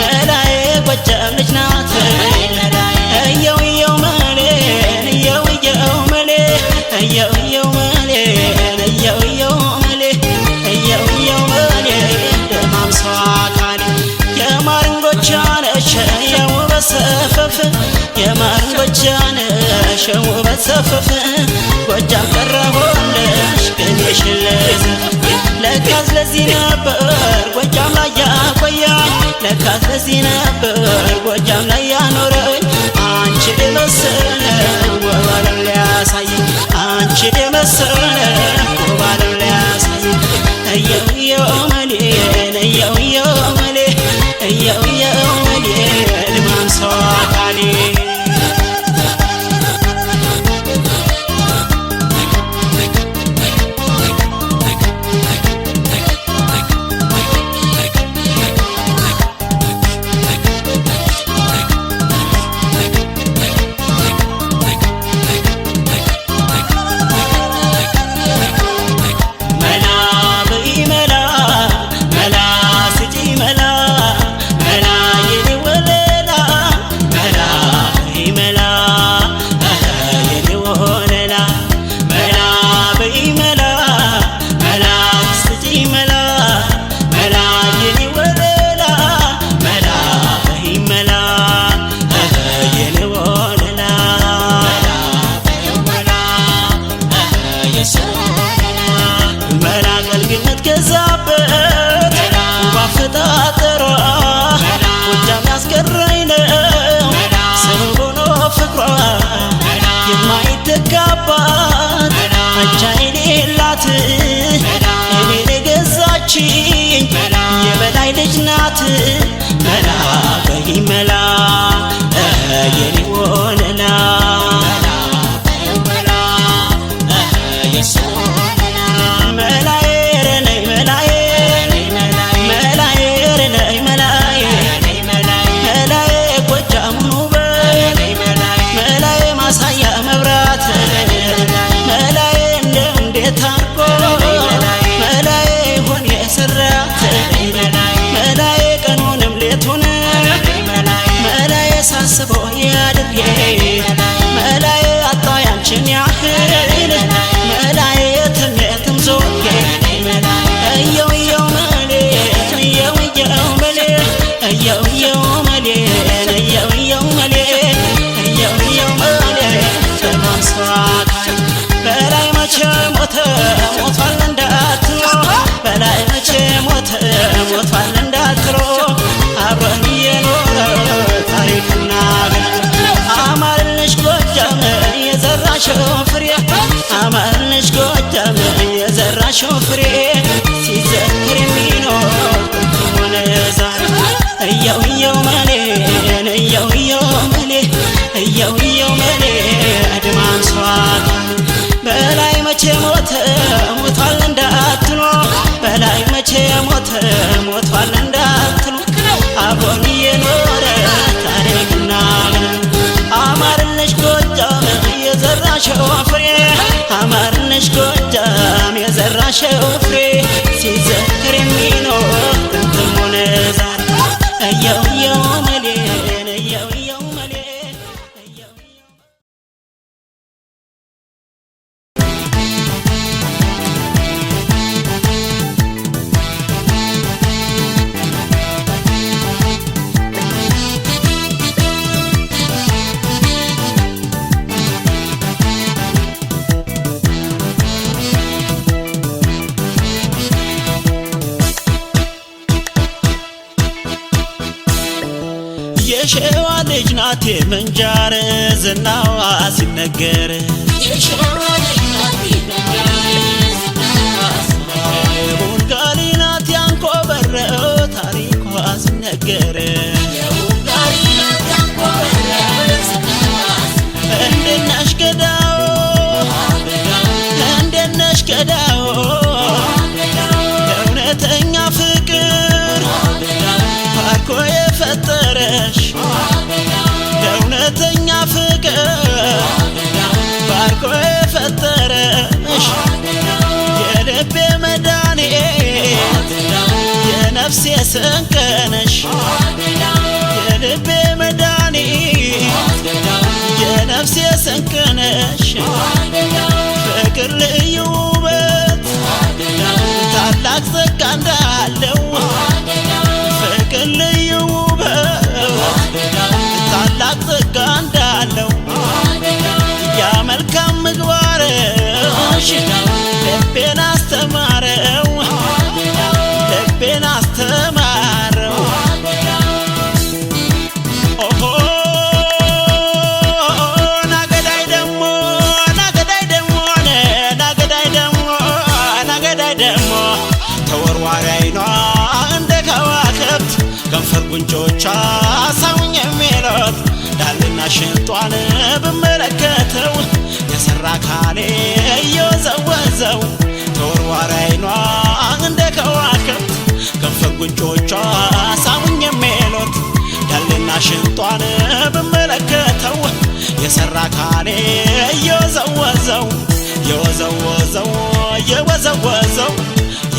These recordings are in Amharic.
መዳዬ ጎጃም ልጅ ናት እየው እየው መሌን መሌ እየው መሌ እየው እየው መሌ ደማምሷ አካል የማርን ጎጃነሽ የውበት ነበር ጎጃም ላይ ለካስ በዚህ ነበር ጎጃም ላይ ያኖረኝ አንቺ የመሰለ ውብ ዓለም ሊያሳየኝ አንቺ የመሰለ ውብ ዓለም ሊያሳየኝ እየው እየው መሌን እየው እየው መሌ እየው እየው መሌ ልማም ሰው አካሌ የምትጋባት አቻ አይኔ የላት እኔ ነገዛችኝ የበላይ ልጅ ናት I'll ሞተ ሞቷል እንዳትሉ በላይ መቼ ሞተ ሞቷል እንዳትሉ አብሮን የኖረ ታሪክና አማርነሽ ጎጃም የዘራሸው ፍሬ አማርነሽ ጎጃም የዘራሸው የሸዋ ልጅ ናት ምንጃር ዝናዋ ሲነገር ቡንጋሊ ናት ያንቆ በረኦ ታሪኳ ሲነገር ነፍሴ ስንቅነሽ የልቤ መድኃኒት የነፍሴ ስንቅነሽ ፍቅር ልዩ ውበት ታላቅ ጸጋ እንዳለው ፍቅር ልዩ ውበት ታላቅ ጸጋ እንዳለው ያ መልካም ምግባርሽ ከንፈር ጉንጮቿ ሰውኝ የሚለት ዳልና ሽንጧን ብመለከተው የሰራ ካሌ እየወዘወዘው ተወርዋሪ አይኗ እንደ ከዋክብት ከንፈር ጉንጮቿ ሳሙኝ የሚለት ዳልና ሽንጧን ብመለከተው የሰራ ካሌ እየወዘወዘው የወዘወዘው የወዘወዘው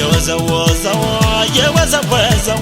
የወዘወዘው የወዘወዘው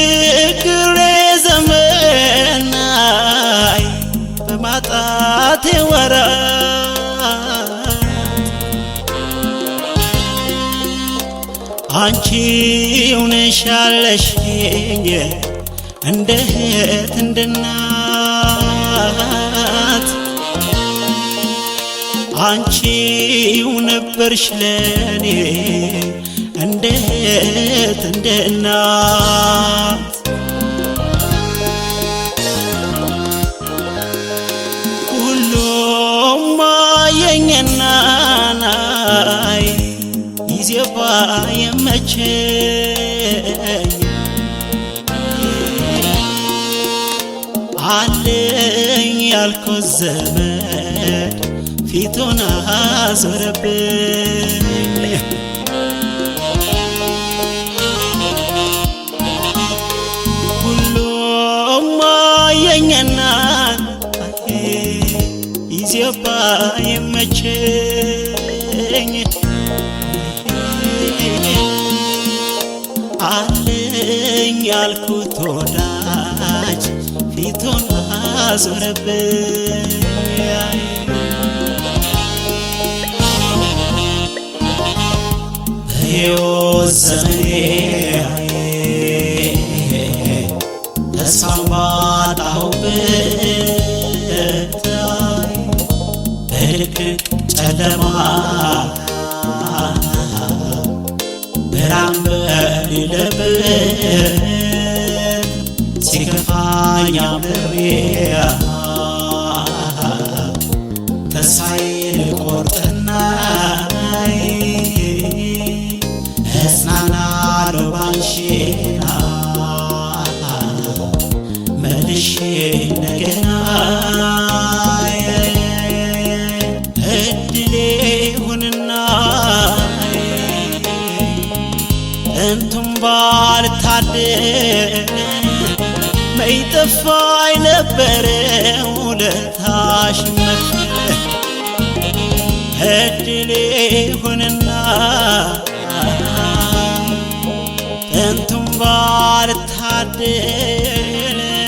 ماتي ورا አንቺው ነሽ እንደ እህት እንድናት አንቺው ነበርሽ ለኔ እንደ እህት እንድናት ዜማ የመቸኝ አለኝ ያልኩት ዘመድ ፊቱን አዞረብኝ። ሁሉም አየኝና ኢዜማ ያልኩት ወዳጅ ፊቱን አዞረብኝ። በሕይወት ዘመኔ ተስፋ ባጣሁበት በድቅድቅ ጨለማ ብርሃን በሌለበት መዝናኛ ምሪያ ተስፋዬ ልቆርጥና እጽናናለሁ ባንቺና መልሼ እንደገና እድሌ ሁንና እንቱም ባልታደል የከፋይ ነበረ ውለታሽ ነበር እድሌ ሆነና ጥንቱም ባልታደ